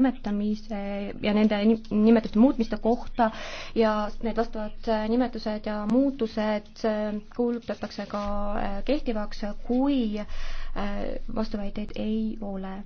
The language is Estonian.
nimetamise ja nende nimetuste muutmiste kohta ja need vastavad äh, nimetused ja muutused äh, kuulutatakse ka äh, kehtivaks, kui vastuväiteid ei ole.